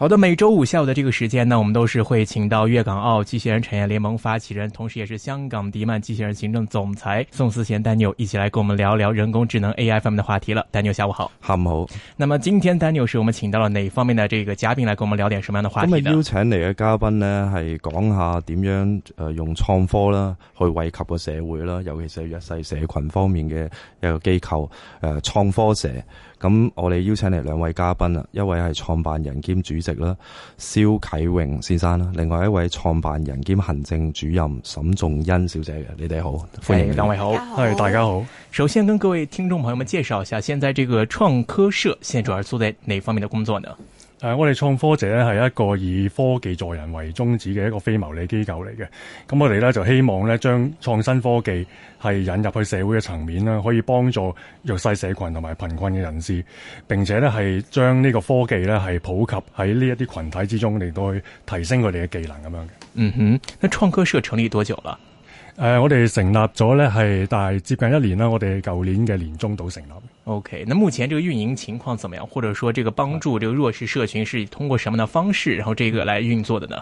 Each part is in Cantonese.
好的，每周五下午的這個時間呢，我們都是會請到粵港澳機器人產業聯盟發起人，同時也是香港迪曼機器人行政總裁宋思賢 Daniel 一起來跟我們聊聊人工智能 AI 方面的話題了。Daniel，下午好，下午好。那麼今天 Daniel 是我們請到了哪方面的這個嘉賓來跟我們聊點什麼樣的話題呢？今日邀請嚟嘅嘉賓呢是講一下點樣誒用創科啦去惠及個社會啦，尤其是弱勢社群方面嘅一個機構誒、呃、創科社。咁我哋邀請嚟兩位嘉賓啦，一位係創辦人兼主席啦，蕭啟穎先生啦，另外一位創辦人兼行政主任沈仲欣小姐嘅，你哋好，歡迎兩位好，係大家好。首先跟各位聽眾朋友們介紹一下，現在這個創科社現在主要做在哪方面的工作呢？誒、啊，我哋創科社咧係一個以科技助人為宗旨嘅一個非牟利機構嚟嘅。咁、啊、我哋咧就希望咧，將創新科技係引入去社會嘅層面啦，可以幫助弱勢社群同埋貧困嘅人士，並且咧係將呢個科技咧係普及喺呢一啲群體之中，嚟到去提升佢哋嘅技能咁樣嘅。嗯哼，那創科社成立多久啦？誒、呃，我哋成立咗咧係大接近一年啦，我哋舊年嘅年中到成立。OK，那目前這個運營情況怎麼樣？或者說，這個幫助這個弱勢社群是通過什麼的方式，然後這個來運作的呢？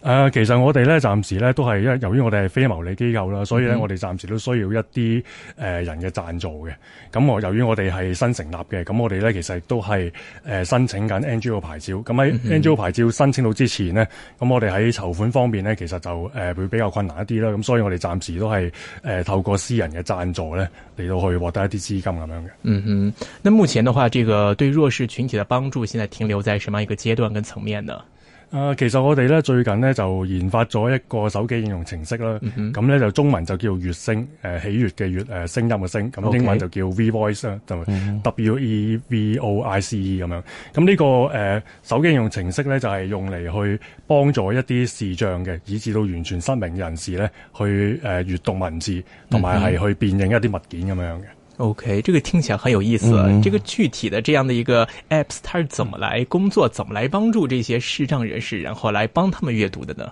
誒、呃，其實我哋咧暫時咧都係因為由於我哋係非牟利機構啦，所以咧、嗯、我哋暫時都需要一啲誒、呃、人嘅贊助嘅。咁、嗯、我由於我哋係新成立嘅，咁、嗯、我哋咧其實都係誒、呃、申請緊 NGO 牌照。咁、嗯、喺 NGO 牌照申請到之前呢，咁、嗯、我哋喺籌款方面咧，其實就誒、呃、會比較困難一啲啦。咁、嗯、所以我哋暫時都係誒、呃、透過私人嘅贊助咧嚟到去獲得一啲資金咁樣嘅。嗯哼，咁目前的話，這個對弱勢群體的幫助，現在停留在什麼樣一個階段跟層面呢？啊、呃，其實我哋咧最近咧就研發咗一個手機應用程式啦，咁、嗯、咧就中文就叫悅聲，誒喜悅嘅悅誒、呃、聲音嘅聲，咁、嗯、英、okay. 文就叫 V Voice 啦，就 W E V O I C E 咁樣。咁呢、這個誒、呃、手機應用程式咧就係、是、用嚟去幫助一啲視障嘅，以至到完全失明人士咧去誒、呃、閱讀文字，同埋係去辨認一啲物件咁樣嘅。嗯 O、okay, K，這個聽起來很有意思，啊嗯。這個具體的這樣的一個 apps，它是怎麼來工作，嗯、怎麼來幫助這些視障人士，然後來幫他們閱讀的呢？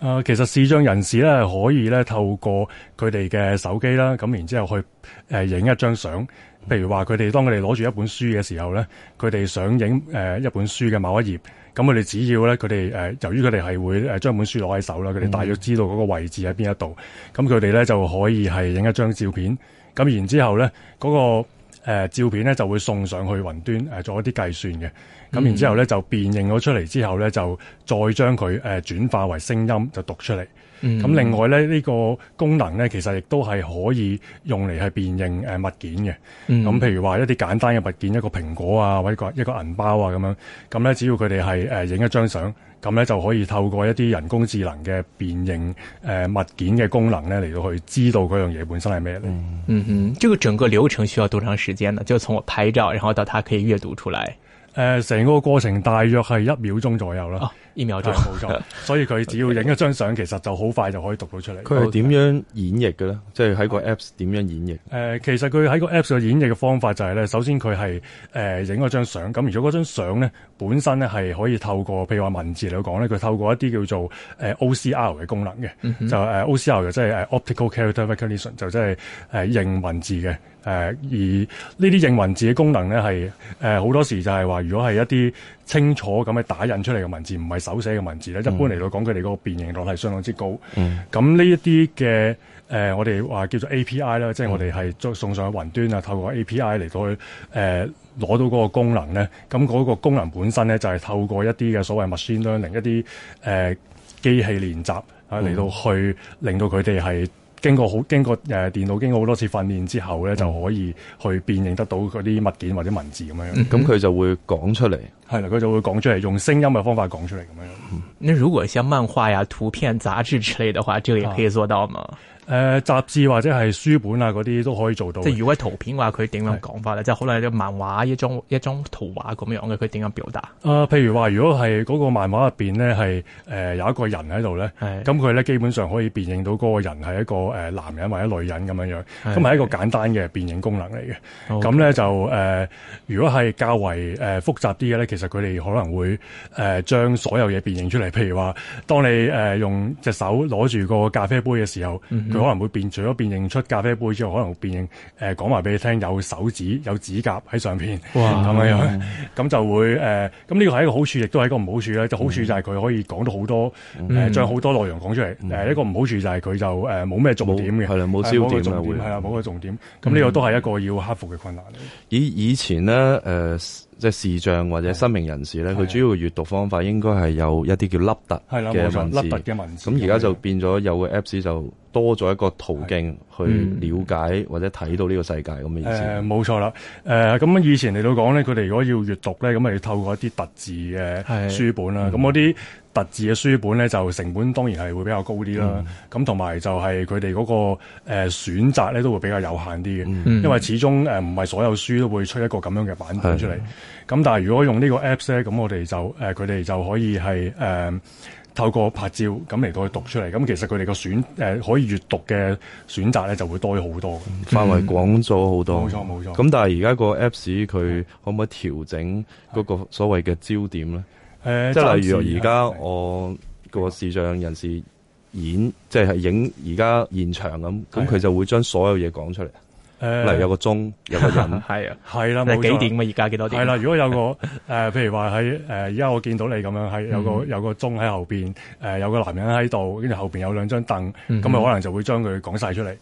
誒、呃，其實視障人士咧可以咧透過佢哋嘅手機啦，咁然後之後去誒影一張相。譬如話佢哋當佢哋攞住一本書嘅時候咧，佢哋想影誒一本書嘅某一頁，咁佢哋只要咧佢哋誒由於佢哋係會誒將本書攞喺手啦，佢哋大約知道嗰個位置喺邊一度，咁佢哋咧就可以係影一張照片。咁然之後咧，嗰、嗰個、呃、照片咧就會送上去雲端、呃、做一啲計算嘅。咁、嗯、然之後咧就辨認咗出嚟之後咧，就再將佢誒轉化為聲音就讀出嚟。咁、嗯、另外咧呢、呢個功能咧其實亦都係可以用嚟去辨認物件嘅。咁、嗯、譬如話一啲簡單嘅物件，一個蘋果啊，或者一個一個銀包啊咁樣。咁咧只要佢哋係誒影一張相。咁咧就可以透過一啲人工智能嘅辨認誒物件嘅功能咧，嚟到去知道嗰樣嘢本身係咩咧？嗯哼、嗯，這個整個流程需要多長時間咧？就從我拍照，然後到它可以閱讀出來。誒、呃，成個過程大約係一秒鐘左右啦，一秒鐘冇錯， 所以佢只要影一張相， 其實就好快就可以讀到出嚟。佢係點樣演繹嘅咧？即係喺個 apps 點樣演繹？誒、呃，其實佢喺個 apps 嘅演繹嘅方法就係、是、咧，首先佢係誒影咗張相，咁如果嗰張相咧本身咧係可以透過，譬如話文字嚟講咧，佢透過一啲叫做誒、呃、OCR 嘅功能嘅、嗯，就誒、uh, OCR 就即係誒 Optical Character Recognition 就即係誒、呃、認文字嘅。誒、呃、而呢啲認文字嘅功能咧係誒好多時就係話，如果係一啲清楚咁去打印出嚟嘅文字，唔係手寫嘅文字咧、嗯，一般嚟到講，佢哋個辨認率係相當之高。咁呢一啲嘅誒，我哋話叫做 API 啦、嗯，即係我哋係送上雲端啊，透過 API 嚟、呃、到去誒攞到嗰個功能咧。咁嗰個功能本身咧就係、是、透過一啲嘅所謂 machine learning 一啲誒機器練習啊嚟到去令到佢哋係。經過好經過誒、呃、電腦經過好多次訓練之後咧、嗯，就可以去辨認得到嗰啲物件或者文字咁、嗯、樣，咁、嗯、佢、嗯、就會講出嚟。係啦，佢就會講出嚟，用聲音嘅方法講出嚟咁樣、嗯。那如果像漫畫呀、圖片、雜誌之類的話，這個也可以做到嗎？啊誒、呃，雜誌或者係書本啊，嗰啲都可以做到即是是。即係如果係圖片話佢點樣講法咧，即係可能係漫畫一張一張圖畫咁樣嘅，佢點樣表達？誒、呃，譬如話如果係嗰個漫畫入邊咧，係誒、呃、有一個人喺度咧，咁佢咧基本上可以辨認到嗰個人係一個誒、呃、男人或者一女人咁樣樣。咁係一個簡單嘅辨認功能嚟嘅。咁咧、okay. 就誒、呃，如果係較為誒、呃、複雜啲嘅咧，其實佢哋可能會誒將、呃、所有嘢辨認出嚟。譬如話，當你誒、呃、用隻手攞住個咖啡杯嘅時候。嗯佢可能會變，除咗辨認出咖啡杯之後，可能辨認誒講埋俾你聽，有手指有指甲喺上邊，咁樣咁、嗯、就會誒。咁、呃、呢個係一個好處，亦都係一個唔好處咧。就係、好處就係佢可以講到好多誒，將好、嗯呃、多內容講出嚟。誒、嗯，一個唔好處就係佢就誒冇咩重點嘅，冇焦點嘅重點係啦，冇個重點。咁呢個都係、嗯、一個要克服嘅困難。以以前呢，誒、呃，即係視障或者失明人士咧，佢主要閲讀方法應該係有一啲叫凹凸嘅文凹凸嘅文字。咁而家就變咗有個 Apps 就。多咗一個途徑去了解或者睇到呢個世界咁嘅、嗯、意思。冇、呃、錯啦。誒、呃，咁以前嚟到講咧，佢哋如果要閱讀咧，咁咪要透過一啲特字嘅書本啦。咁嗰啲特字嘅書本咧，就成本當然係會比較高啲啦。咁同埋就係佢哋嗰個誒、呃、選擇咧，都會比較有限啲嘅、嗯。因為始終誒唔係所有書都會出一個咁樣嘅版本出嚟。咁但係如果用呢個 Apps 咧，咁我哋就誒佢哋就可以係誒。呃透過拍照咁嚟到去讀出嚟，咁其實佢哋個選誒、呃、可以閱讀嘅選擇咧就會多好多、嗯，範圍廣咗好多。冇錯冇錯。咁但係而家個 Apps 佢可唔可以調整嗰個所謂嘅焦點咧？即係例如而家我個視像人士演，即係影而家現場咁，咁佢就會將所有嘢講出嚟。例如，有個鐘、呃，有個人，係 啊，係啦、啊，冇錯。係幾點啊？而家幾多點、啊？係啦、啊，如果有個誒、 呃，譬如話喺誒，而、呃、家我見到你咁樣，係有個、嗯、有個鐘喺後邊，誒、呃，有個男人喺度，跟住後邊有兩張凳，咁、嗯、啊，可能就會將佢講晒出嚟。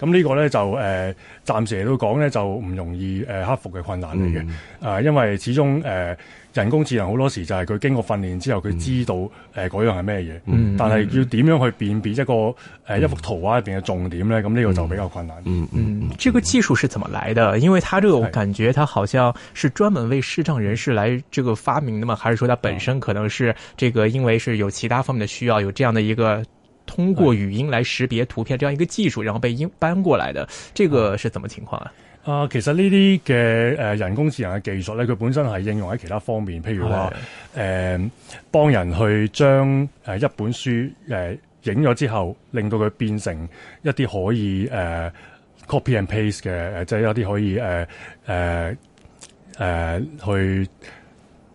咁呢個咧就誒、呃，暫時嚟到講咧就唔容易誒、呃、克服嘅困難嚟嘅，啊、嗯呃，因為始終誒。呃人工智能好多時就係佢經過訓練之後佢知道誒、嗯、嗰、呃、樣係咩嘢，但係要點樣去辨別一個誒、呃、一幅圖畫入邊嘅重點呢？咁、嗯、呢個就比較困難嗯。嗯嗯，嗯，這個技術是怎麼來的？因為它這個我感覺它好像是專門為視障人士來這個發明的嗎？還是說它本身可能是這個因為是有其他方面的需要，有這樣的一個通過語音來識別圖片這樣一個技術，然後被搬過來的？這個是怎麼情況啊？啊，其實呢啲嘅人工智能嘅技術咧，佢本身係應用喺其他方面，譬如話誒、啊呃、幫人去將、呃、一本書誒影咗之後，令到佢變成一啲可以、呃、copy and paste 嘅，即係一啲可以、呃呃、去、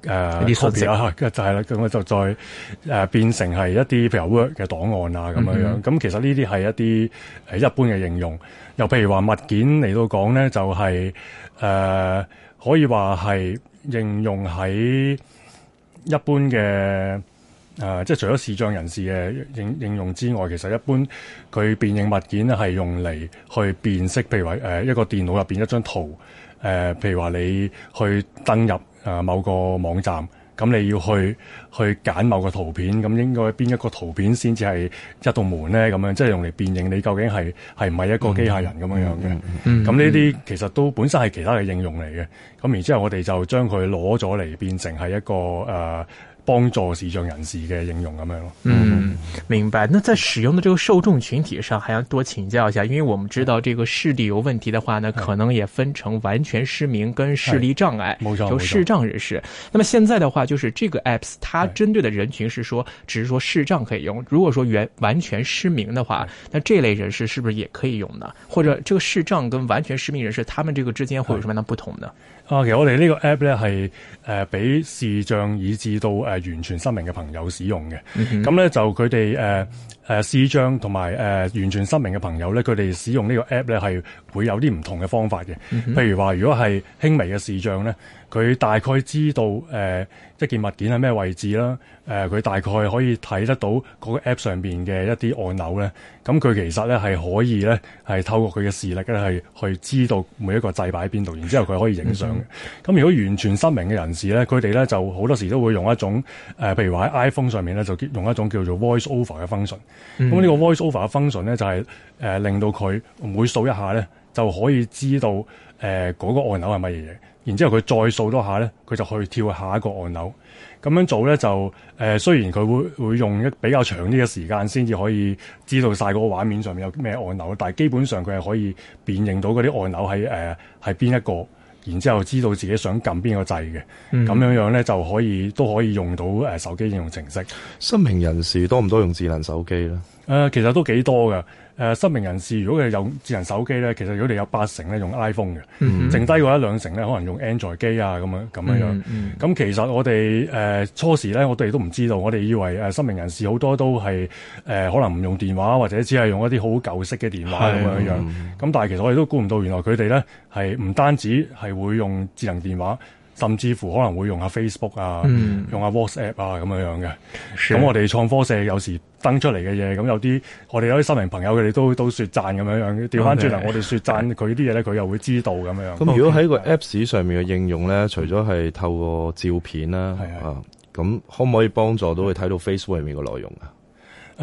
呃呃就是呃、變是啊，就係啦，咁我就再變成係一啲譬如 word 嘅檔案啊咁樣樣。咁其實呢啲係一啲、呃、一般嘅應用。又譬如話物件嚟到講咧，就係、是、誒、呃、可以話係應用喺一般嘅誒、呃，即係除咗視障人士嘅應應用之外，其實一般佢辨認物件咧係用嚟去辨識，譬如話一個電腦入邊一張圖，誒、呃、譬如話你去登入某個網站。咁你要去去揀某個圖片，咁應該邊一個圖片先至係一道門咧？咁樣即係、就是、用嚟辨認你究竟係係唔係一個機械人咁樣樣嘅。咁呢啲其實都本身係其他嘅應用嚟嘅。咁然之後我哋就將佢攞咗嚟變成係一個誒。呃幫助視障人士嘅應用咁樣咯。嗯，明白。那在使用的這個受眾群體上，還要多請教一下，因為我們知道這個視力有問題的話呢，呢可能也分成完全失明跟視力障礙，就是、視障人士。那麼現在的話，就是這個 apps，它針對的人群是說，只是說視障可以用。如果說完全失明的話，那這類人士是不是也可以用呢？或者，這個視障跟完全失明人士，他們這個之間會有什麼樣的不同呢？啊，其實我哋呢個 app 咧係誒俾視障以至到誒、呃、完全失明嘅朋友使用嘅，咁、嗯、咧就佢哋誒。呃誒、呃、視障同埋誒完全失明嘅朋友咧，佢哋使用呢個 app 咧係會有啲唔同嘅方法嘅。譬、嗯、如話，如果係輕微嘅視障咧，佢大概知道誒、呃、一件物件喺咩位置啦。誒、呃、佢大概可以睇得到個 app 上邊嘅一啲按鈕咧，咁佢其實咧係可以咧係透過佢嘅視力咧係去知道每一個掣擺喺邊度，然之後佢可以影相嘅。咁、嗯、如果完全失明嘅人士咧，佢哋咧就好多時都會用一種誒譬、呃、如話喺 iPhone 上面咧就用一種叫做 voice over 嘅 function。咁、嗯、呢個 voiceover 嘅 function 咧，就係、是、誒、呃、令到佢每掃一下咧，就可以知道誒嗰、呃那個按鈕係乜嘢嘢。然之後佢再掃多下咧，佢就去跳下一個按鈕。咁樣做咧就誒、呃，雖然佢會會用一比較長啲嘅時間先至可以知道晒嗰個畫面上面有咩按鈕，但基本上佢係可以辨認到嗰啲按鈕係誒係邊一個。然之後知道自己想撳邊個掣嘅，咁、嗯、樣樣咧就可以都可以用到手機應用程式。失明人士多唔多用智能手機咧、呃？其實都幾多㗎。誒失明人士如果係有智能手機咧，其實如果你有八成咧用 iPhone 嘅、嗯，剩低嗰一兩成咧可能用 Android 機啊咁樣咁樣樣。咁、嗯嗯、其實我哋誒、呃、初時咧，我哋都唔知道，我哋以為誒失明人士好多都係誒、呃、可能唔用電話或者只係用一啲好舊式嘅電話咁樣樣。咁、嗯、但係其實我哋都估唔到，原來佢哋咧係唔單止係會用智能電話，甚至乎可能會用下 Facebook 啊，嗯、用下 WhatsApp 啊咁樣樣嘅。咁、sure. 我哋創科社有時。登出嚟嘅嘢，咁有啲我哋有啲新明朋友佢哋都都說讚咁樣樣，調翻轉嚟我哋說讚佢啲嘢咧，佢 又會知道咁樣樣。咁如果喺個 Apps 上面嘅應用咧、嗯，除咗係透過照片啦、嗯、啊、咁、啊、可唔可以幫助到佢睇到 Facebook 裏面嘅內容啊？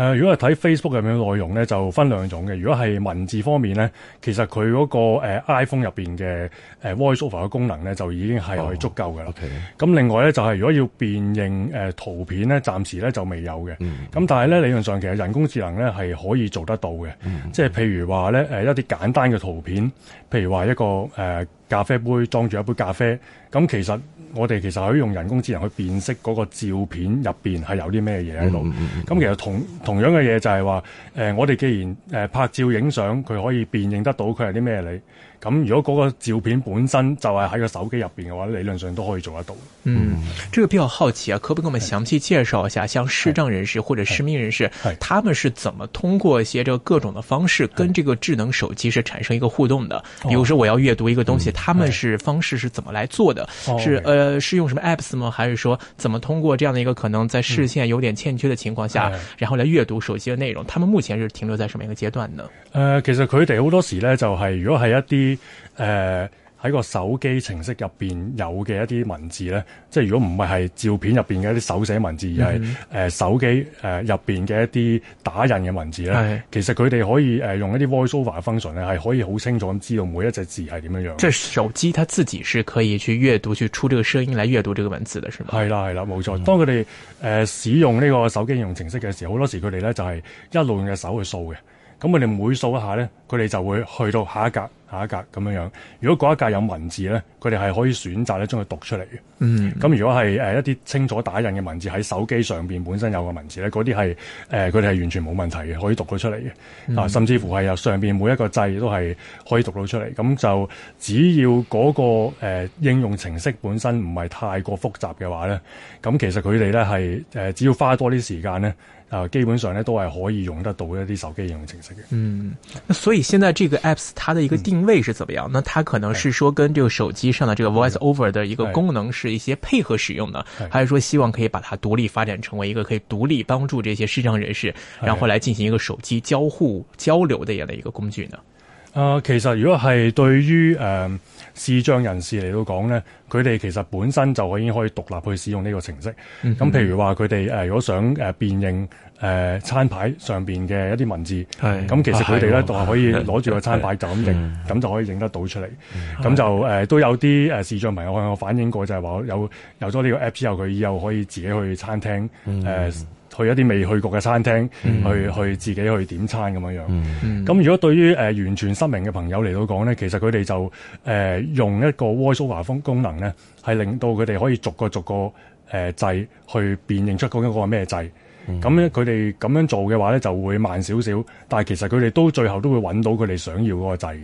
誒、呃，如果係睇 Facebook 入面嘅內容咧，就分兩種嘅。如果係文字方面咧，其實佢嗰、那個、呃、iPhone 入面嘅、呃、VoiceOver 嘅功能咧，就已經係可以足夠嘅。咁、oh, okay. 另外咧，就係、是、如果要辨認誒、呃、圖片咧，暫時咧就未有嘅。咁、mm-hmm. 但係咧理論上其實人工智能咧係可以做得到嘅，即、mm-hmm. 係譬如話咧、呃、一啲簡單嘅圖片，譬如話一個誒、呃、咖啡杯裝住一杯咖啡，咁其實。我哋其實可以用人工智能去辨識嗰個照片入面係有啲咩嘢喺度。咁、嗯嗯嗯、其實同同樣嘅嘢就係話、呃，我哋既然、呃、拍照影相，佢可以辨認得到佢係啲咩你。咁如果嗰個照片本身就係喺個手機入邊嘅話，理論上都可以做得到。嗯，這個比較好奇啊，可不可以給我們詳細介紹一下，像視障人士或者失明人士，他們是怎麼通過一些這個各種的方式，跟這個智能手機是產生一個互動的？比如說我要閱讀一個東西，嗯、他們是方式是怎麼來做的，是，呃，是用什麼 apps 嗎？還是說，怎麼通過這樣的一個可能，在視線有點欠缺的情況下，嗯、然後來閱讀手機嘅內容？他們目前是停留在什麼一個階段呢？誒、呃，其實佢哋好多時咧、就是，就係如果係一啲。誒、呃、喺個手機程式入邊有嘅一啲文字咧，即係如果唔係係照片入邊嘅一啲手寫文字，嗯、而係誒、呃、手機誒入邊嘅一啲打印嘅文字咧。係、嗯、其實佢哋可以誒、呃、用一啲 voiceover 嘅 function 咧，係可以好清楚咁知道每一隻字係點樣樣。即係手機，它自己是可以去閱讀去出呢個聲音嚟閱讀呢個文字嘅，係咪？係啦，係啦，冇錯。嗯、當佢哋誒使用呢個手機應用程式嘅時候，好多時佢哋咧就係、是、一路用嘅手去掃嘅。咁佢哋每掃一下咧，佢哋就會去到下一格。下一格咁樣樣，如果嗰一格有文字咧，佢哋係可以選擇咧將佢讀出嚟嘅。咁、嗯、如果係一啲清楚打印嘅文字喺手機上面本身有個文字咧，嗰啲係誒佢哋係完全冇問題嘅，可以讀到出嚟嘅、嗯。啊，甚至乎係由上面每一個掣都係可以讀到出嚟。咁就只要嗰、那個誒、呃、應用程式本身唔係太過複雜嘅話咧，咁其實佢哋咧係只要花多啲時間咧。啊、呃，基本上呢，都係可以用得到一啲手機應用程式嘅。嗯，那所以現在這個 Apps 它的一個定位是怎麼樣呢、嗯？那它可能是說跟這個手機上的這個 Voice Over 的一個功能是一些配合使用的，嗯、還是說希望可以把它獨立發展成為一個可以獨立幫助這些視障人士、嗯，然後來進行一個手機交互、嗯、交流一樣嘅一個工具呢？呃，其實如果係對於呃視障人士嚟到講咧，佢哋其實本身就已經可以獨立去使用呢個程式。咁、嗯、譬如話佢哋如果想辨認誒餐牌上面嘅一啲文字，咁其實佢哋咧都可以攞住個餐牌就咁認，咁、嗯、就可以認得到出嚟。咁就誒、呃、都有啲誒視障朋友向我反映過就，就係話有有咗呢個 app 之後，佢以後可以自己去餐廳、嗯呃去一啲未去過嘅餐廳，嗯、去去自己去點餐咁樣樣。咁、嗯嗯、如果對於誒、呃、完全失明嘅朋友嚟到講咧，其實佢哋就誒、呃、用一個 voiceover 功能咧，係令到佢哋可以逐個逐個誒掣、呃、去辨認出究竟嗰個係咩掣。咁、嗯、咧，佢哋咁樣做嘅話咧，就會慢少少。但係其實佢哋都最後都會揾到佢哋想要嗰個掣嘅。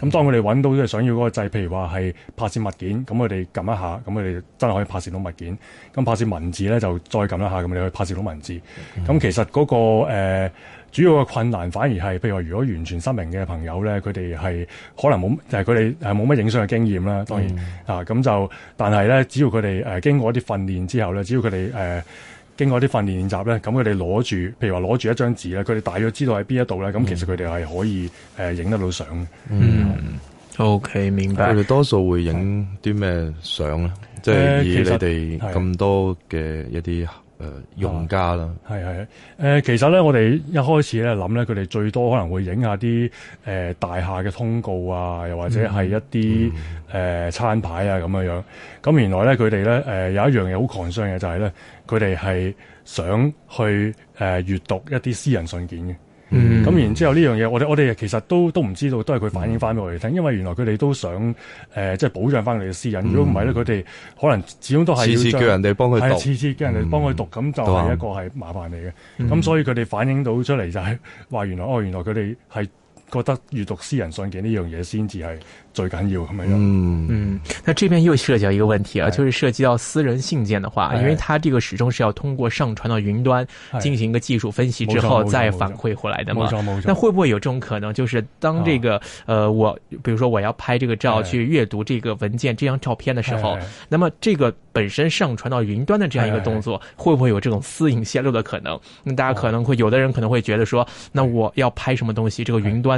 咁當佢哋揾到嘅想要嗰個掣，譬如話係拍攝物件，咁佢哋撳一下，咁佢哋真係可以拍攝到物件。咁拍攝文字咧，就再撳一下，咁你去拍攝到文字。咁、嗯、其實嗰、那個、呃、主要嘅困難，反而係譬如話，如果完全失明嘅朋友咧，佢哋係可能冇誒，佢哋冇乜影相嘅經驗啦。當然、嗯、啊，咁就但係咧，只要佢哋、呃、經過一啲訓練之後咧，只要佢哋經過啲訓練練習咧，咁佢哋攞住，譬如話攞住一張紙咧，佢哋大約知道喺邊一度咧，咁、嗯、其實佢哋係可以誒影、呃、得到相。嗯，O、okay, K，明白。佢哋多數會影啲咩相咧？即係以你哋咁多嘅一啲誒用家啦。係係誒，其實咧、呃啊呃，我哋一開始咧諗咧，佢哋最多可能會影下啲誒、呃、大廈嘅通告啊，又或者係一啲誒、嗯嗯呃、餐牌啊咁樣樣。咁原來咧，佢哋咧誒有一樣嘢好狂傷嘅就係、是、咧。佢哋係想去誒、呃、閱讀一啲私人信件嘅，咁、嗯、然之後呢樣嘢，我哋我哋其實都都唔知道，都係佢反映翻俾我哋聽、嗯，因為原來佢哋都想誒即係保障翻佢嘅私隱。如果唔係咧，佢哋可能始終都係次次叫人哋幫佢，次次叫人哋幫佢讀，咁、嗯、就係一個係麻煩嚟嘅。咁、嗯、所以佢哋反映到出嚟就係、是、話：原來哦，原來佢哋係，覺得閱讀私人信件呢樣嘢先至係最緊要咁樣、嗯。嗯嗯，那這邊又涉及到一個問題啊、嗯，就是涉及到私人信件的話、嗯，因為它這個始終是要通過上傳到雲端、嗯、進行一個技術分析之後再反饋回來的嘛。那會不會有這種可能，就是當這個，啊、呃，我，比如說我要拍這個照、嗯、去閱讀這個文件，嗯、這張照片的時候、嗯，那麼這個本身上傳到雲端的這樣一個動作，嗯、會不會有這種私隱洩露的可能、嗯？那大家可能會，有的人可能會覺得說，嗯、那我要拍什麼東西，嗯、這個雲端。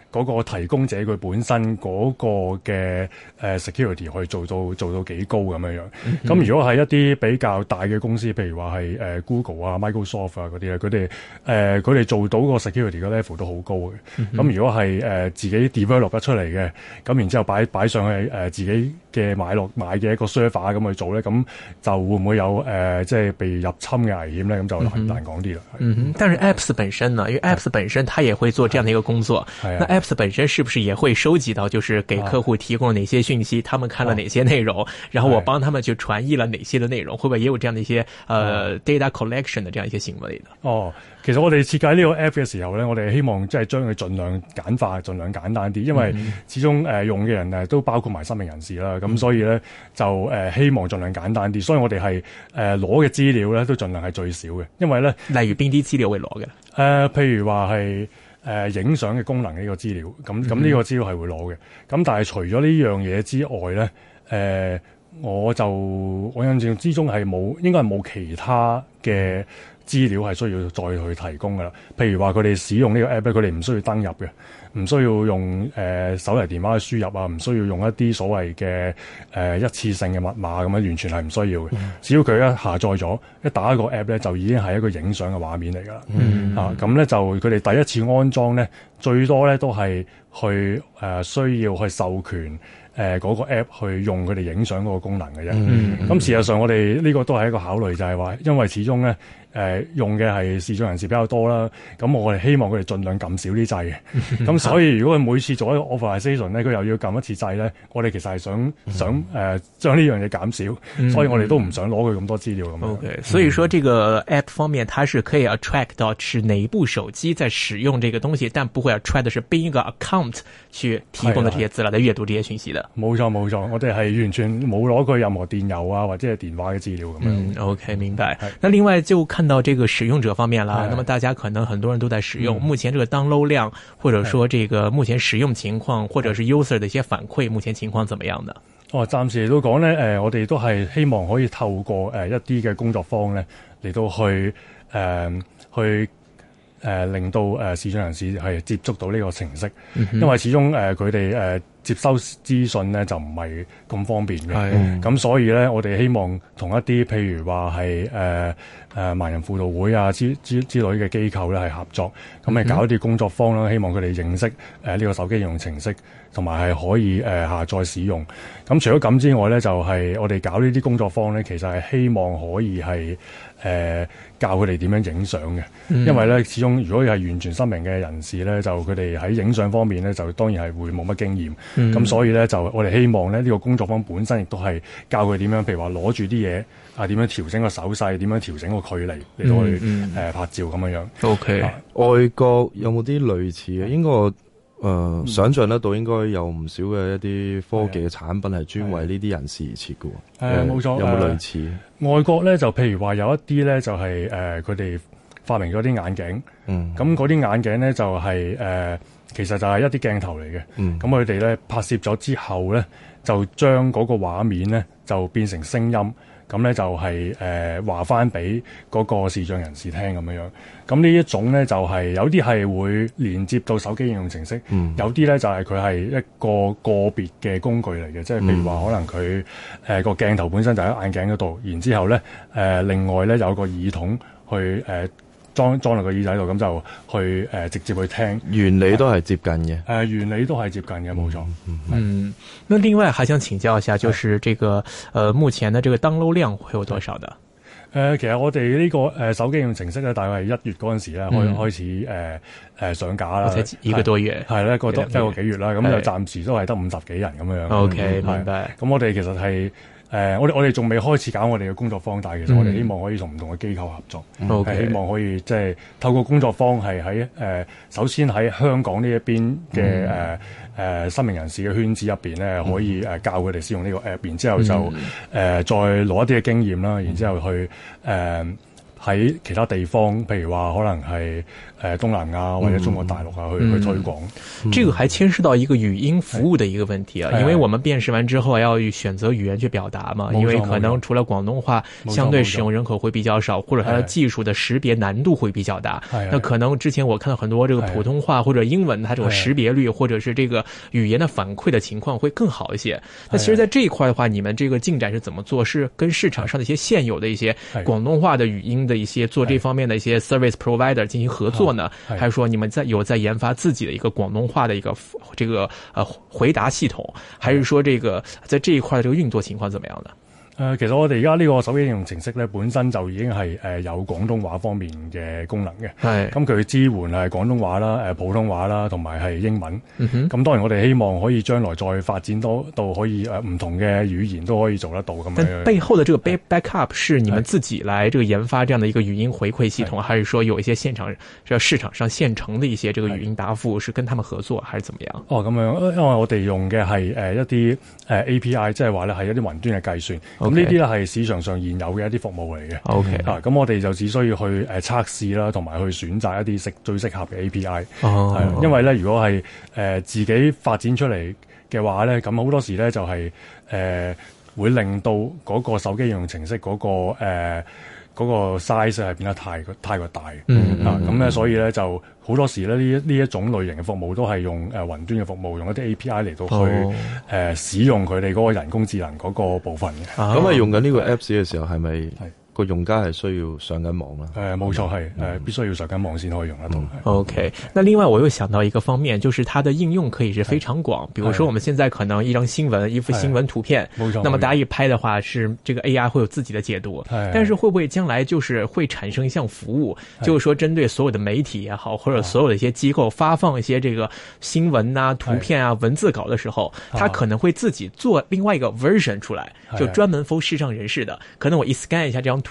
嗰、那個提供者佢本身嗰個嘅 security 可以做到做到幾高咁樣樣，咁、mm-hmm. 如果係一啲比較大嘅公司，譬如話係 Google 啊、Microsoft 啊嗰啲咧，佢哋誒佢哋做到個 security 嘅 level 都好高嘅。咁、mm-hmm. 如果係、呃、自己 develop 出嚟嘅，咁然之後擺擺上去、呃、自己嘅買落買嘅一個 server 咁去做咧，咁就會唔會有誒即係被入侵嘅危險咧？咁就難難講啲啦。嗯、mm-hmm.，但是 apps 本身咧，因為 apps 本身佢也會做這樣嘅一個工作。係啊，本身是不是也會收集到，就是給客戶提供哪些訊息，啊、他們看了哪些內容、哦，然後我幫他們去傳譯了哪些的內容，會不會也有這樣的一些，誒、嗯呃、data collection 的這樣一些行為呢？哦，其實我哋設計呢個 app 嘅時候呢，我哋希望即係將佢盡量簡化，盡量簡單啲，因為始終誒用嘅人誒都包括埋失明人士啦，咁、嗯嗯、所以呢，就、呃、誒希望盡量簡單啲，所以我哋係誒攞嘅資料呢，都盡量係最少嘅，因為呢，例如邊啲資料會攞嘅？誒、呃，譬如話係，誒影相嘅功能呢個資料，咁咁呢個資料係會攞嘅。咁、嗯、但係除咗呢樣嘢之外咧，誒、呃、我就我印象之中係冇，應該係冇其他嘅資料係需要再去提供噶啦。譬如話佢哋使用呢個 app，佢哋唔需要登入嘅。唔需要用誒、呃、手提電話去輸入啊，唔需要用一啲所謂嘅誒、呃、一次性嘅密碼咁樣，完全係唔需要嘅。只要佢一下載咗，一打一個 app 咧，就已經係一個影相嘅畫面嚟㗎啦。嗯、啊，咁咧就佢哋第一次安裝咧，最多咧都係去誒、呃、需要去授權。誒、呃、嗰、那個、app 去用佢哋影相嗰功能嘅啫。咁、mm-hmm. 事、嗯嗯、實上我哋呢個都係一個考慮就係話，因為始終咧誒用嘅係視障人士比較多啦。咁我哋希望佢哋盡量撳少啲掣。咁、mm-hmm. 所以如果佢每次做一個 authorization 咧，佢 又要撳一次掣咧，我哋其實係想、mm-hmm. 想誒將呢樣嘢減少。Mm-hmm. 所以我哋都唔想攞佢咁多資料咁樣 O.K.、嗯、所以說這個 app 方面，它是可以 attract、啊、到是哪一部手機在使用這個東西，但不會 attract、啊、的是邊一個 account 去提供的這些資料，在閱讀這些信息的。冇錯冇錯，我哋係完全冇攞過任何電郵啊，或者係電話嘅資料咁樣。嗯、o、okay, K，明白。那另外就看到這個使用者方面啦，那麼大家可能很多人都在使用，目前這個 download 量，或者說這個目前使用情況，或者是 user 的一些反饋，嗯、目前情況怎麼樣呢？我、哦、暫時嚟到講呢，誒、呃，我哋都係希望可以透過誒、呃、一啲嘅工作方法嚟到去誒、呃、去誒、呃、令到誒、呃、市場人士係接觸到呢個程式，嗯，因為始終誒佢哋誒。呃接收資訊咧就唔係咁方便嘅，咁、嗯、所以咧我哋希望同一啲譬如話係誒誒盲人輔導會啊之之之類嘅機構咧係合作，咁嚟搞一啲工作坊啦，希望佢哋認識誒呢、呃這個手機應用程式，同埋係可以誒、呃、下載使用。咁除咗咁之外咧，就係、是、我哋搞呢啲工作坊咧，其實係希望可以係。誒、呃、教佢哋點樣影相嘅，因為咧始終如果係完全失明嘅人士咧，就佢哋喺影相方面咧，就當然係會冇乜經驗。咁、嗯、所以咧就我哋希望咧呢、呢個工作坊本身亦都係教佢點樣，譬如話攞住啲嘢啊，點樣調整個手勢，點樣調整個距離嚟到去拍照咁樣樣。O、okay. K，、呃、外國有冇啲類似嘅？應該誒、呃，想象得到應該有唔少嘅一啲科技嘅產品係專為呢啲人士而設嘅，係冇錯。有冇類似？呃、外國咧就譬如話有一啲咧就係、是、誒，佢、呃、哋發明咗啲眼鏡，嗯，咁嗰啲眼鏡咧就係、是、誒、呃，其實就係一啲鏡頭嚟嘅，嗯，咁佢哋咧拍攝咗之後咧，就將嗰個畫面咧就變成聲音。咁咧就係誒話翻俾嗰個視障人士聽咁樣樣。咁呢一種咧就係有啲係會連接到手機應用程式，嗯，有啲咧就係佢係一個個別嘅工具嚟嘅，即係譬如話可能佢誒個鏡頭本身就喺眼鏡嗰度，然之後咧誒另外咧有個耳筒去誒。裝裝落個耳仔度，咁就去、呃、直接去聽，原理都係接近嘅、呃。原理都係接近嘅，冇錯。嗯，咁另外還想請教一下，就是，這個是呃、目前的這個 download 量會有多少嘅、呃、其實我哋呢、這個、呃、手機應用程式咧，大概一月嗰陣時呢，咧，開開始誒誒、嗯呃、上架啦，一個多月，係啦，一個多一個幾月啦，咁就暫時都係得五十幾人咁樣。OK，明白。咁我哋其實係。誒、呃，我哋我哋仲未開始搞我哋嘅工作坊，但係其實我哋希望可以同唔同嘅機構合作，係、嗯呃、希望可以即係、就是、透過工作坊係喺誒，首先喺香港呢一邊嘅誒誒失明人士嘅圈子入面，咧，可以、呃、教佢哋使用呢個 app，然之後就誒、嗯呃、再攞一啲嘅經驗啦，然之後去誒喺、呃、其他地方，譬如話可能係。呃，東南亞、啊、或者中國大陸啊，嗯、去去推廣、嗯。這個還牽涉到一個語音服務的一個問題啊、哎，因為我們辨識完之後要選擇語言去表達嘛，因為可能除了廣東話，相對使用人口會比較少，或者它的技術的識別難度會比較大、哎。那可能之前我看到很多這個普通話或者英文，它這種識別率或者是這個語言的反饋的情況會更好一些。那、哎、其實在這一塊的話，你們這個進展是怎麼做？是跟市場上的一些現有的一些廣東話的語音的一些、哎、做這方面的一些 service provider 進行合作？哎哎呢？還是說你們在有在研發自己的一個廣東話的一個這個呃回答系統？還是說這個在這一塊的這個運作情況怎麼樣呢？誒、呃，其實我哋而家呢個手機應用程式咧，本身就已經係、呃、有廣東話方面嘅功能嘅。咁佢、嗯、支援係廣東話啦、呃、普通話啦，同埋係英文。咁、嗯、當然我哋希望可以將來再發展多到可以唔、呃、同嘅語言都可以做得到咁樣。但背後嘅呢個 backup 是，是你們自己來這個研發這樣的一個語音回饋系統，還是說有一些現場市場上現成的一些這個語音答覆，是跟他們合作，是還是怎麼樣？哦，咁樣，因為我哋用嘅係、呃、一啲 API，即係話呢係一啲雲端嘅計算。哦呢啲咧係市場上現有嘅一啲服務嚟嘅。OK，咁、啊、我哋就只需要去誒、呃、測試啦，同埋去選擇一啲適最適合嘅 API、oh.。哦、啊，因為咧，如果係誒、呃、自己發展出嚟嘅話咧，咁好多時咧就係、是、誒。呃會令到嗰個手機應用程式嗰、那個誒嗰、呃那個、size 係變得太過太過大、嗯嗯、啊！咁咧，所以咧就好多時咧呢一呢一種類型嘅服務都係用誒雲、呃、端嘅服務，用一啲 API 嚟到去誒、哦呃、使用佢哋嗰個人工智能嗰個部分嘅。咁、啊嗯、你用緊呢個 Apps 嘅時候係咪？係用家係需要上緊網啦、啊，係冇錯係，係必須要上緊網先可以用得、啊、到。嗯、o、okay, K，那另外我又想到一個方面，就是它的應用可以是非常廣，比如說我們現在可能一張新聞、一幅新聞圖片，冇錯，那麼大家一拍的話，是這個 AI 會有自己的解讀，是但是會不會將來就是會產生一項服務，就是說針對所有的媒體也好，或者所有的一些機構發放一些這個新聞啊、圖片啊、文字稿的時候，它可能會自己做另外一個 version 出來，就專門 for 視障人士的，的，可能我一 scan 一下這張圖。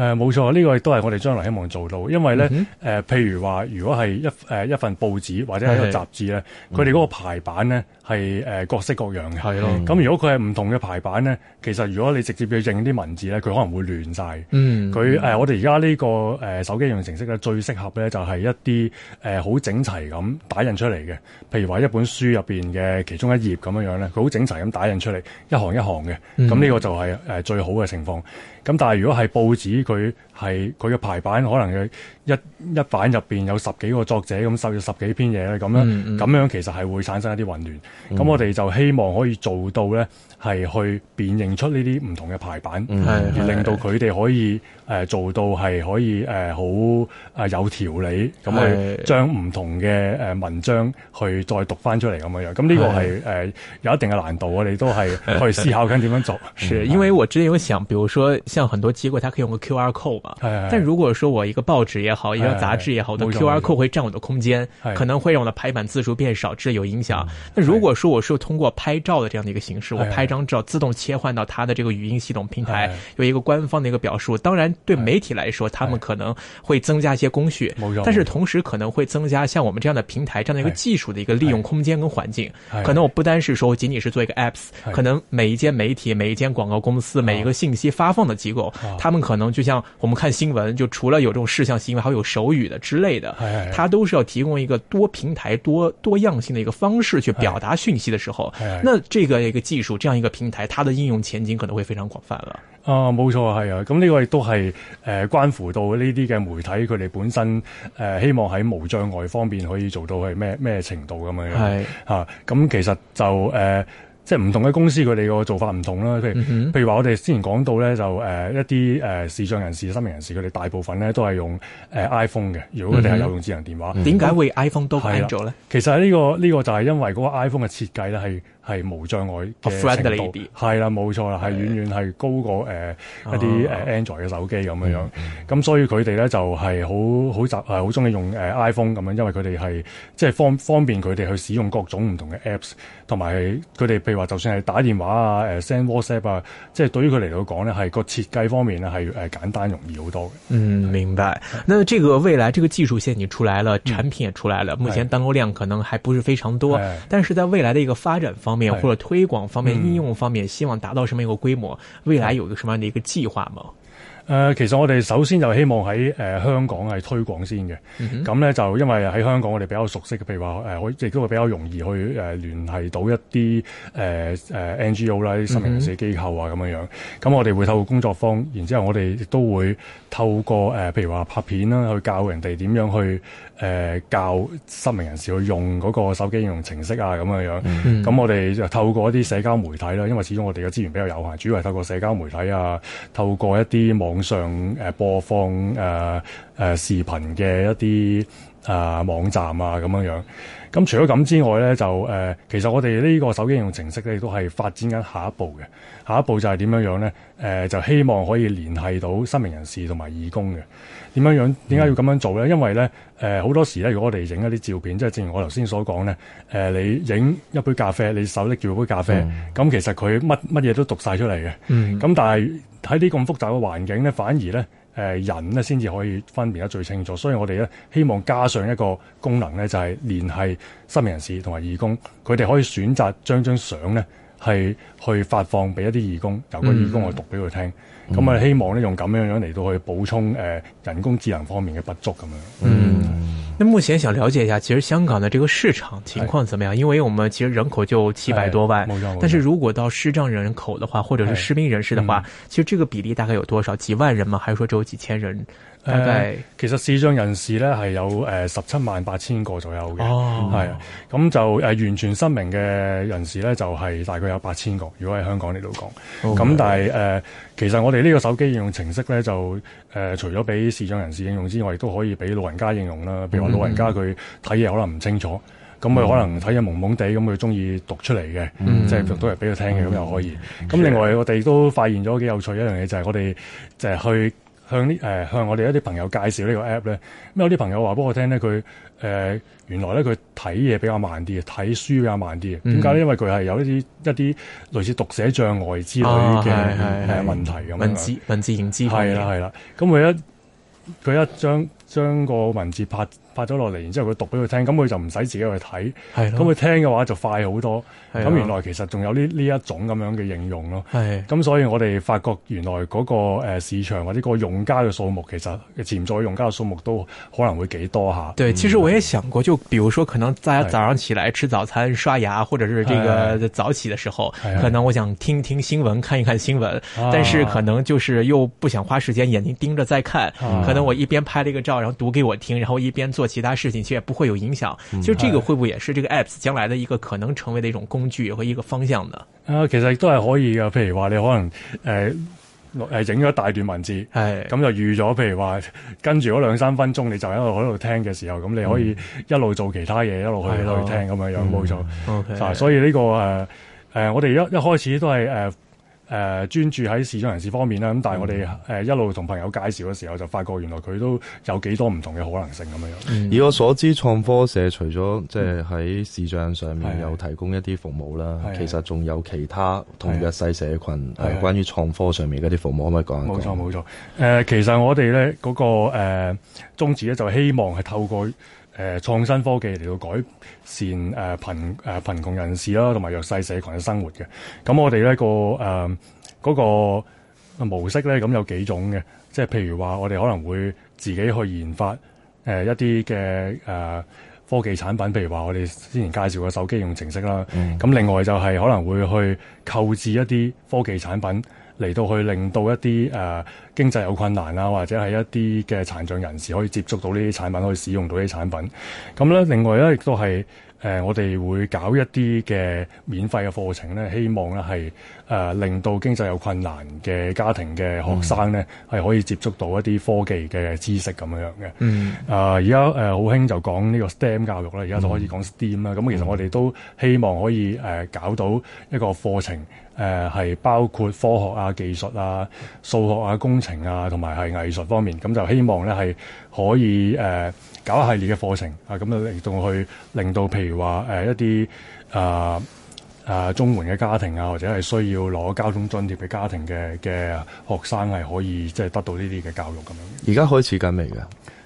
誒冇錯，呢、這個亦都係我哋將來希望做到，因為咧誒、嗯呃，譬如話，如果係一誒、呃、一份報紙或者係一個雜誌咧，佢哋嗰個排版咧係、呃、各式各樣嘅。咯、嗯，咁如果佢係唔同嘅排版咧，其實如果你直接去認啲文字咧，佢可能會亂晒。嗯，佢誒、呃、我哋而家呢個誒、呃、手機應用程式咧，最適合咧就係、是、一啲誒好整齊咁打印出嚟嘅，譬如話一本書入面嘅其中一頁咁樣樣咧，佢好整齊咁打印出嚟，一行一行嘅。咁、嗯、呢個就係、是呃、最好嘅情況。咁但係如果係報紙。.佢係佢嘅排版，可能佢一一版入邊有十幾個作者咁，收咗十,十幾篇嘢咧咁樣咁、嗯嗯、樣其實係會產生一啲混亂咁、嗯、我哋就希望可以做到咧，係去辨認出呢啲唔同嘅排版、嗯嗯，而令到佢哋可以誒、呃、做到係可以誒好誒有條理咁去將唔同嘅誒文章去再讀翻出嚟咁樣這樣咁呢個係誒、呃、有一定嘅難度，我哋都係去思考緊點樣做。是、嗯、因為我之前有想，比如說像很多機構，他可以用個。Q R code 嘛，但如果說我一個報紙也好，哎哎一個雜誌也好，哎哎我的 Q R code 會佔我的空間，哎、可能會讓我的排版字數變少，這有影響。那、嗯哎、如果說我是通過拍照的這樣的一個形式，哎哎我拍張照，自動切換到它的這個語音系統平台哎哎，有一個官方的一個表述。當然，對媒體來說、哎，他們可能會增加一些工序，但是同時可能會增加像我們這樣的平台、哎、這樣的一個技術的一個利用空間跟環境。哎、可能我不單是說我僅僅是做一個 apps、哎、可能每一間媒體、每一間廣告公司、啊、每一個信息發放的機構，啊、他們可能就。就像我們看新聞，就除了有這種視像新聞，還有手語的之類的是是，它都是要提供一個多平台、多多樣性的一個方式去表達訊息的時候，是是，那這個一個技術是是，這樣一個平台，它的應用前景可能會非常廣泛了啊。冇錯，係啊，咁呢個亦都係誒，關乎到呢啲嘅媒體佢哋本身誒、呃，希望喺無障礙方面可以做到係咩咩程度咁樣嘅，係吓，咁、啊嗯、其實就誒。呃即係唔同嘅公司佢哋個做法唔同啦，譬如、嗯、譬如話我哋之前講到咧，就誒、呃、一啲誒、呃、視障人士、失明人士佢哋大部分咧都係用誒、呃、iPhone 嘅，如果佢哋係有用智能電話，點、嗯、解會 iPhone 都多咗咧？其實呢、呢個呢、呢個就係因為嗰個 iPhone 嘅設計咧係，係無障礙，friendly 係啦，冇錯啦，係遠遠係高過誒、呃哦、一啲誒 Android 嘅手機咁樣樣，咁、嗯嗯、所以佢哋咧就係好好習係好中意用誒、呃、iPhone 咁樣，因為佢哋係即係方方便佢哋去使用各種唔同嘅 Apps，同埋佢哋譬如話就算係打電話啊、誒、呃、send WhatsApp 啊，即、就、係、是、對於佢嚟到講咧係個設計方面咧係誒簡單容易好多嘅。嗯，明白。那這個未來這個技術線已經出來了、嗯，產品也出來了，目前單單量可能還不是非常多、嗯，但是在未來的一個發展方或者推廣方面、應用方面，希望達到什麼一個規模？嗯、未來有個什麼樣嘅一個計劃嘛？誒、呃，其實我哋首先就希望喺誒、呃、香港係推廣先嘅。咁、嗯、咧就因為喺香港我哋比較熟悉，譬如話誒可以亦都會比較容易去誒聯繫到一啲誒誒 NGO 啦、啲私人社機構啊咁樣、嗯、樣。咁我哋會透過工作坊，然之後我哋亦都會透過誒，譬、呃、如話拍片啦，去教人哋點樣去。誒、呃、教失明人士去用嗰個手機應用程式啊，咁樣樣。咁、mm-hmm. 我哋就透過一啲社交媒體啦，因為始終我哋嘅資源比較有限，主要係透過社交媒體啊，透過一啲網上誒播放誒誒、呃呃、視頻嘅一啲啊、呃、網站啊，咁樣樣。咁除咗咁之外咧，就誒、呃、其實我哋呢個手機應用程式咧，亦都係發展緊下一步嘅。下一步就係點樣樣咧、呃？就希望可以聯繫到失明人士同埋義工嘅。點樣樣？點解要咁樣做咧？嗯、因為咧誒好多時咧，如果我哋影一啲照片，即、就、係、是、正如我頭先所講咧，誒、呃、你影一杯咖啡，你手拎住杯咖啡，咁、嗯、其實佢乜乜嘢都讀晒出嚟嘅。咁、嗯、但係喺啲咁複雜嘅環境咧，反而咧、呃、人咧先至可以分辨得最清楚。所以我哋咧希望加上一個功能咧，就係聯繫失明人士同埋義工，佢哋可以選擇將張相咧。係去發放俾一啲義工，由個義工去讀俾佢聽，咁、嗯、啊希望呢，用咁樣樣嚟到去補充誒人工智能方面嘅不足咁樣。嗯，那目前想了解一下，其實香港嘅這個市場情況怎麼樣？哎、因為我們其實人口就七百多萬、哎，但是如果到視障人口的話，或者是失明人士的話、哎嗯，其實這個比例大概有多少？幾萬人嘛，還是說只有幾千人？誒、呃，其實視障人士咧係有誒十七萬八千個左右嘅，係、oh. 咁就誒、呃、完全失明嘅人士咧就係、是、大概有八千個。如果喺香港呢度講，咁、oh. 但係誒、呃，其實我哋呢個手機應用程式咧就誒、呃，除咗俾視障人士應用之外，亦都可以俾老人家應用啦。譬如話老人家佢睇嘢可能唔清楚，咁、mm. 佢可能睇嘢懵懵地，咁佢中意讀出嚟嘅，即係都係俾佢聽嘅咁又可以。咁、mm. 另外我哋都發現咗幾有趣一樣嘢，就係、是、我哋就係去。向啲誒、呃、向我哋一啲朋友介紹呢個 app 咧，咁有啲朋友話俾我聽咧，佢誒、呃、原來咧佢睇嘢比較慢啲，睇書比較慢啲嘅。點解咧？因為佢係有一啲一啲類似讀寫障礙之類嘅問題，咁啊、哦。文字文字認知係啦，係啦，咁佢一佢一將將個文字拍。發咗落嚟，然之後佢讀俾佢聽，咁佢就唔使自己去睇，咁佢聽嘅話就快好多。咁原來其實仲有呢呢一,一種咁樣嘅應用咯。咁所以我哋發覺原來嗰，那個、呃、市場或者個用家嘅數目，其實潛在用家嘅數目都可能會幾多嚇。對，嗯，其實我也想過，就比如說，可能大家早上起來吃早餐、刷牙，或者是這個早起嘅時候的，可能我想聽聽新聞、看一看新聞，是但是可能就是又不想花時間眼睛盯着再看，可能我一邊拍咗一個照，然後讀俾我聽，然後一邊做。其他事情其實不會有影響，就、嗯、這個會唔會也是這個 Apps 將來的一個可能成為的一種工具和一個方向呢？啊、呃，其實都係可以嘅。譬如話，你可能誒誒影咗大段文字，係咁就預咗。譬如話跟住嗰兩三分鐘，你就喺度喺度聽嘅時候，咁、嗯、你可以一路做其他嘢，一路去去聽咁嘅、嗯、樣冇錯。嗱、嗯 okay，啊，所以呢、呢個誒誒、呃呃，我哋一一開始都係誒。呃誒、呃、專注喺市場人士方面啦，咁但係我哋誒、呃、一路同朋友介紹嘅時候、嗯，就發覺原來佢都有幾多唔同嘅可能性咁樣。以我所知，創科社除咗、嗯、即係喺視像上面有、嗯、提供一啲服務啦，其實仲有其他同弱勢社群係、啊、關於創科上面嗰啲服務，可唔可以講一講？冇錯冇錯，誒、呃、其實我哋咧嗰個、呃、宗旨咧就希望係透過，誒、呃、創新科技嚟到改善誒、呃、貧誒貧、呃、窮人士啦，同埋弱勢社群嘅生活嘅。咁我哋咧、那個誒嗰、呃那個模式咧，咁有幾種嘅。即係譬如話，我哋可能會自己去研發誒、呃、一啲嘅誒科技產品，譬如話我哋之前介紹嘅手機應用程式啦。咁、嗯、另外就係可能會去購置一啲科技產品。嚟到去令到一啲誒、呃、經濟有困難啊，或者係一啲嘅殘障人士可以接觸到呢啲產品，可以使用到呢啲產品。咁咧，另外咧亦都係。誒、呃，我哋會搞一啲嘅免費嘅課程咧，希望咧係誒令到經濟有困難嘅家庭嘅學生咧，係、mm. 可以接觸到一啲科技嘅知識咁樣嘅。嗯、mm. 呃。啊，而家誒好興就講呢個 STEM 教育啦，而家就可以講 STEAM 啦。咁其實我哋都希望可以誒、呃、搞到一個課程，誒、呃、係包括科學啊、技術啊、數學啊、工程啊，同埋係藝術方面。咁就希望咧係可以誒。呃搞一系列嘅課程啊，咁啊，嚟到去令到譬如話一啲啊中文嘅家庭啊，或者係需要攞交通津貼嘅家庭嘅嘅學生係可以即係得到呢啲嘅教育咁樣。而家開始緊未㗎？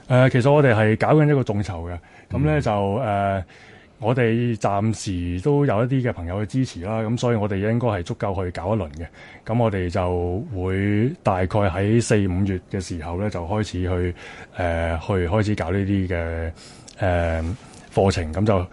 誒，其實我哋係搞緊一個眾籌嘅，咁咧、嗯、就誒。呃我哋暫時都有一啲嘅朋友去支持啦，咁所以我哋應該係足夠去搞一輪嘅。咁我哋就會大概喺四五月嘅時候咧，就開始去誒、呃、去開始搞呢啲嘅誒課程。咁就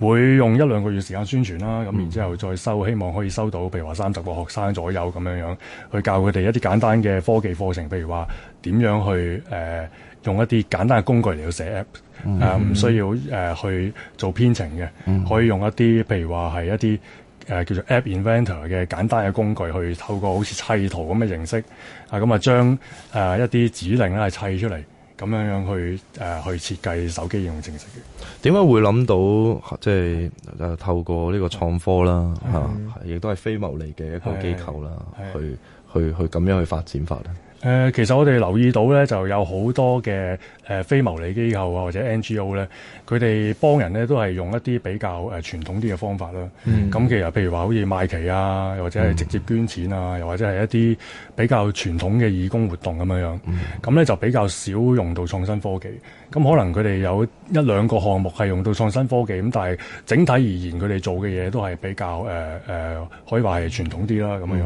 會用一兩個月時間宣傳啦。咁然之後再收，希望可以收到，譬如話三十個學生左右咁樣樣去教佢哋一啲簡單嘅科技課程，譬如話點樣去誒。呃用一啲簡單嘅工具嚟到寫 app，唔、嗯啊、需要、呃、去做編程嘅、嗯，可以用一啲譬如話係一啲、呃、叫做 App Inventor 嘅簡單嘅工具去透過好似砌圖咁嘅形式，啊咁啊將、呃、一啲指令咧砌出嚟，咁樣樣去、呃、去設計手機應用程式嘅。點解會諗到即係透過呢個創科啦，亦都係非牟利嘅一個機構啦，對對對去對對對去去咁樣去發展法咧？誒、呃，其實我哋留意到咧，就有好多嘅。誒、呃、非牟利機構啊，或者 NGO 咧，佢哋幫人咧都係用一啲比較誒、呃、傳統啲嘅方法啦。咁、嗯、其實譬如話，好似賣旗啊，或者係直接捐錢啊，嗯、又或者係一啲比較傳統嘅義工活動咁樣樣。咁咧就比較少用到創新科技。咁可能佢哋有一兩個項目係用到創新科技，咁但係整體而言，佢哋做嘅嘢都係比較誒、呃呃、可以話係傳統啲啦咁樣。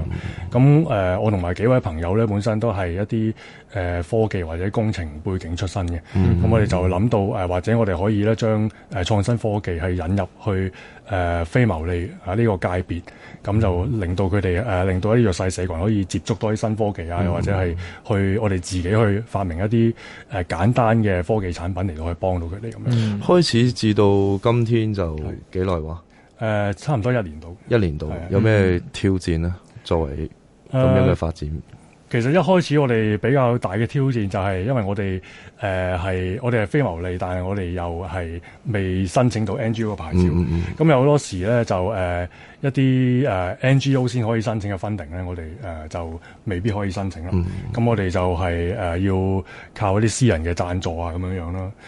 咁、嗯、誒、呃，我同埋幾位朋友咧，本身都係一啲。誒科技或者工程背景出身嘅，咁、嗯、我哋就諗到誒，或者我哋可以咧將誒創新科技係引入去誒非牟利啊呢個界別，咁、嗯、就令到佢哋誒，令到一啲弱勢社群可以接觸多啲新科技啊，又、嗯、或者係去我哋自己去發明一啲誒簡單嘅科技產品嚟到去幫到佢哋咁樣。開始至到今天就幾耐喎？誒，差唔多一年度，一年度有咩挑戰啊、嗯，作為咁樣嘅發展。呃其實一開始我哋比較大嘅挑戰就係，因為我哋誒係我哋係非牟利，但係我哋又係未申請到 NGO 個牌照。咁、嗯嗯嗯、有好多時咧就誒、呃、一啲、呃、NGO 先可以申請嘅 funding 咧，我、呃、哋就未必可以申請啦。咁、嗯嗯、我哋就係、是呃、要靠一啲私人嘅贊助啊咁樣、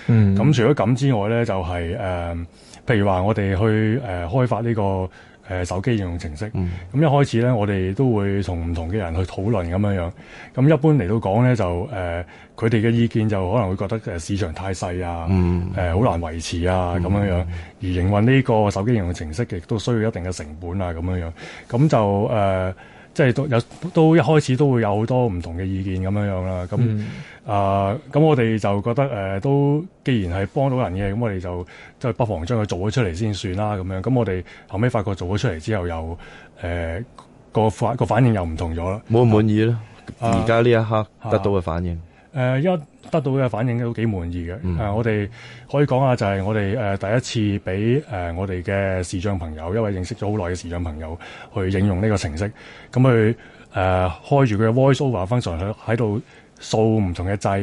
嗯、那樣咯。咁除咗咁之外咧，就係、是、誒、呃、譬如話我哋去誒、呃、開發呢、這個，誒手機應用程式，咁、嗯、一開始咧，我哋都會同唔同嘅人去討論咁樣樣。咁一般嚟到講咧，就誒佢哋嘅意見就可能會覺得誒市場太細啊，誒、嗯、好、呃、難維持啊咁、嗯、樣樣、嗯。而營運呢個手機應用程式亦都需要一定嘅成本啊咁樣樣。咁就誒。呃即係都有都一開始都會有好多唔同嘅意見咁樣樣啦，咁啊咁我哋就覺得誒都、呃、既然係幫到人嘅，咁我哋就即係不妨將佢做咗出嚟先算啦咁樣，咁我哋後尾發覺做咗出嚟之後又誒、呃、個發個反應又唔同咗，滿唔滿意咯。而家呢一刻得到嘅反應。啊誒一得到嘅反應都幾滿意嘅。誒，我哋可以講下就係我哋誒、呃、第一次俾誒、呃、我哋嘅視障朋友，因為認識咗好耐嘅視障朋友去應用呢個程式，咁佢誒開住佢嘅 VoiceOver，分常喺喺度掃唔同嘅掣，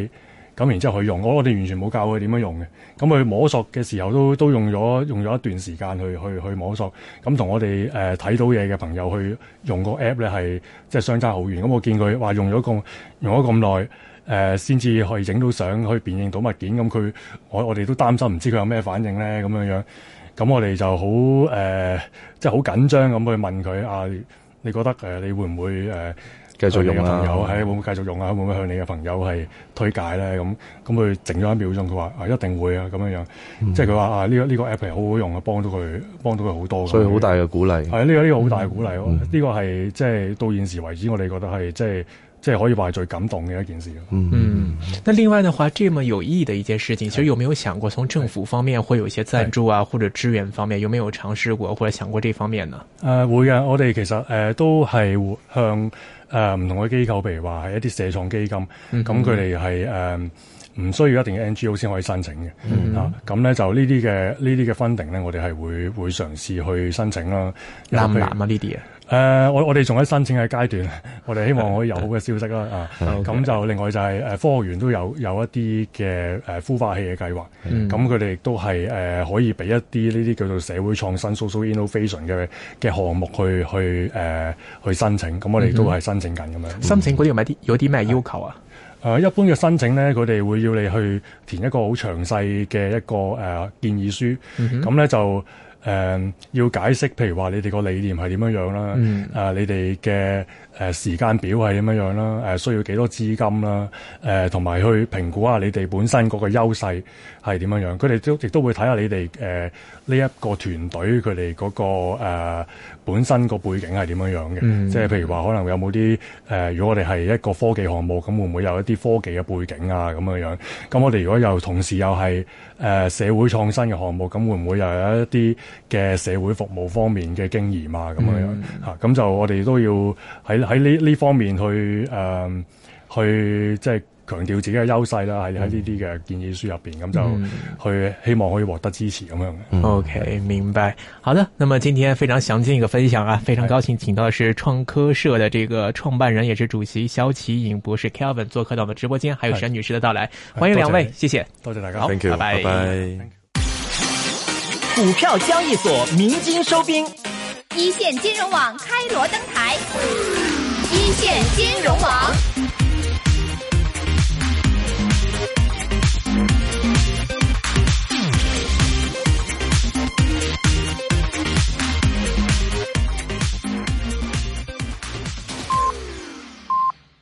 咁、嗯、然之後佢用我哋完全冇教佢點樣用嘅。咁、嗯、佢摸索嘅時候都都用咗用咗一段時間去去去摸索。咁、嗯、同我哋誒睇到嘢嘅朋友去用個 app 咧，係即係相差好遠。咁、嗯、我見佢話用咗咁用咗咁耐。誒、呃，先至可以影到相，去辨認到物件咁，佢我我哋都擔心，唔知佢有咩反應咧，咁樣樣。咁我哋就好誒，即係好緊張咁去問佢啊。你覺得誒，你會唔會誒、呃、繼續用啊？朋友，誒會唔會繼續用啊？嗯、會唔會向你嘅朋友係推介咧？咁咁佢靜咗一秒鐘，佢話啊，一定會啊，咁樣樣。即係佢話啊，呢個呢個 app 係好好用啊，幫到佢幫到佢好多。所以好大嘅鼓勵。係啊，呢個呢個好大嘅鼓勵咯。呢、嗯呢個係即係到現時為止，我哋覺得係即係。即係即係可以話係最感動嘅一件事咯。嗯，那另外嘅話，這麼有意義嘅一件事情，其實有冇有想過從政府方面會有一些贊助啊，或者支援方面，有沒有嘗試過或者想過這方面呢？誒、呃，會嘅，我哋其實誒、呃、都係向誒唔、呃、同嘅機構，譬如話係一啲社創基金，咁佢哋係誒唔需要一定嘅 NGO 先可以申請嘅。嗯，啊，咁咧就呢啲嘅呢啲嘅 funding 咧，我哋係會會嘗試去申請啦。難唔難啊？呢啲啊？誒、uh，我我哋仲喺申請嘅階段， 我哋希望可以有好嘅消息啦， 啊，咁、okay，就、啊、另外就係、是、誒、啊，科學園都有有一啲嘅誒孵化器嘅計劃，咁佢哋亦都係誒可以俾一啲呢啲叫做社會創新 social innovation 嘅嘅項目去去誒、啊、去申請，咁我哋都係申請緊咁樣。申請嗰啲有啲有啲咩要求啊？誒、嗯啊，一般嘅申請咧，佢哋會要你去填一個好詳細嘅一個誒、啊、建議書，咁、嗯、咧就。嗯、要解釋，譬如話你哋個理念係點樣樣啦、嗯，啊你哋嘅。誒時間表係點樣樣啦？誒需要幾多資金啦？誒同埋去評估下你哋本身嗰個優勢係點樣樣。佢哋都亦都會睇下你哋誒呢一個團隊佢哋嗰個誒本身個背景係點樣樣嘅。即、嗯、係譬如話可能有冇啲誒如果我哋係一個科技項目，咁會唔會有一啲科技嘅背景啊？咁樣樣，咁我哋如果又同時又係誒、呃、社會創新嘅項目，咁會唔會又有一啲嘅社會服務方面嘅經驗啊？咁樣樣嚇。咁、嗯啊、就我哋都要喺。喺呢呢方面去誒、呃，去即係強調自己嘅優勢啦。喺喺呢啲嘅建議書入邊，咁就去希望可以獲得支持咁樣。OK，明白。好的，那麼今天非常詳盡一個分享啊，非常高興請到的是創科社的這個創辦人也是主席蕭啟穎博士 Kevin 做客到我們直播間，還有沈女士的到來，歡迎兩位，謝謝，多謝大家好，o 拜拜。股票交易所鳴金收兵，一線金融網開羅登台。一線金融王。